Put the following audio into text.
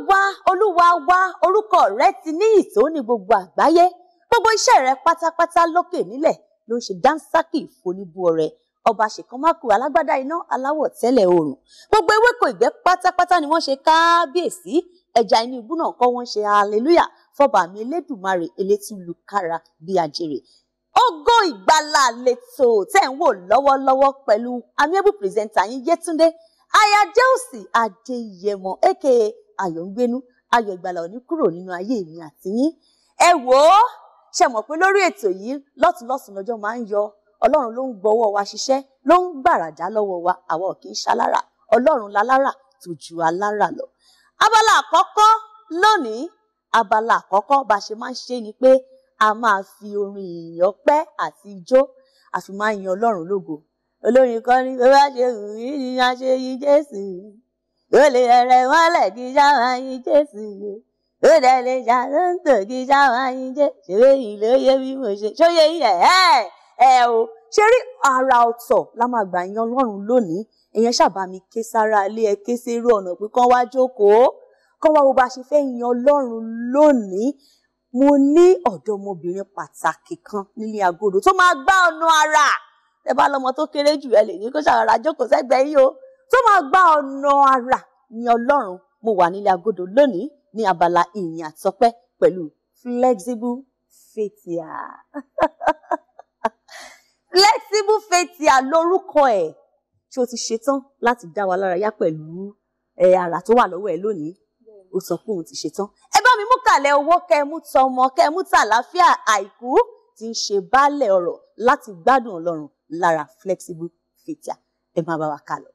olúwa olúwa wa orúkọ rẹ ti ní ìtò ní gbogbo àgbáyé gbogbo iṣẹ́ rẹ pátápátá lókè nílẹ̀ ló ń ṣe dánsákì foníbu ọrẹ ọba ṣèkánmáku alágbádá iná aláwọ̀ tẹ́lẹ̀ oòrùn gbogbo ewéko ìgbẹ́ pátápátá ni wọ́n ṣe káábíyèsí ẹja inú igbó náà kọ́ wọ́n ṣe hallelujah fọba mi elédùnmarè elétúlùkára bíi àjèrè ògo ìgbàlà lètò tẹ́ ń wò lọ́wọ́lọ́wọ́ pẹ̀lú amiable presenter yín yétúndé aya Délùsì adéyẹmọ aka ayọ̀ ń gbénú ayọ̀ ìgbàlà ò ní kúrò nínú ayé mi àti yín ẹ wò ó ṣe mọ̀ pé lórí ètò yìí lọ́tùnlọ́sùn lọ́jọ́ máa ń yọ ọlọ́run ló ń gbọ́wọ́ wa ṣiṣẹ́ ló ń gbàràdá lọ́wọ́ wa àwa ò kì í ṣalára ọlọ́run lalára tó ju alára lọ. abala àkọ́kọ́ lónìí abala àkọ́kọ́ bá ṣe máa ń ṣe ni pé a máa fi orin ìyọpẹ́ àti ijó àfi máa ń yan ọlọ́run lógo olórin kan ní bó bá ṣe wù mí ni a jésù lólè ọ̀rẹ́ mọ́lẹ̀ kí sáwọn ayin jésù lò ó dẹ̀lé ṣàtúntò kí sáwọn ayin jẹ́ ṣeré yìí ló yé bí mo ṣe ṣóyè yìí ẹ̀ ẹ̀ ẹ̀ o ṣe rí àrà ọ̀tọ̀ la máa gbà yan ọlọ́run lónìí èèyàn ṣàbà mi ké sára ilé ẹ ké sí irú ọ̀nà pé kán wá jókòó kán wá wo bá ṣe fẹ́ yan ọlọ́run lónìí mo ní ọ̀dọ́mọbìnrin pàtàkì kan nílé agodo tó máa gbá ọ̀nà ara ẹ bá lọmọ tó kéré jù ẹ lè ní kó ṣàrà jókòó sẹ́gbẹ̀ẹ́ yìí o tó máa gba ọ̀nà àrà ní ọlọ́run mo wà nílé agodo lónìí ní abala ìyìn àtọpẹ́ pẹ̀lú flexible faithia flexible faithia lórúkọ ẹ̀ tí o ti ṣetán láti dá wa lára yá pẹ̀lú àrà tó wà lọ́wọ́ ẹ lónìí ó sọ pé òun ti ṣetán ẹ bá mi mú kàlẹ̀ owó kẹ mú tọmọ kẹ mú tàlàáfíà àìkú tí ń ṣe baálẹ̀ ọ̀rọ̀ láti gbádùn ọlọ́run lára flexible faithia ẹ máa bá wa kà lọ.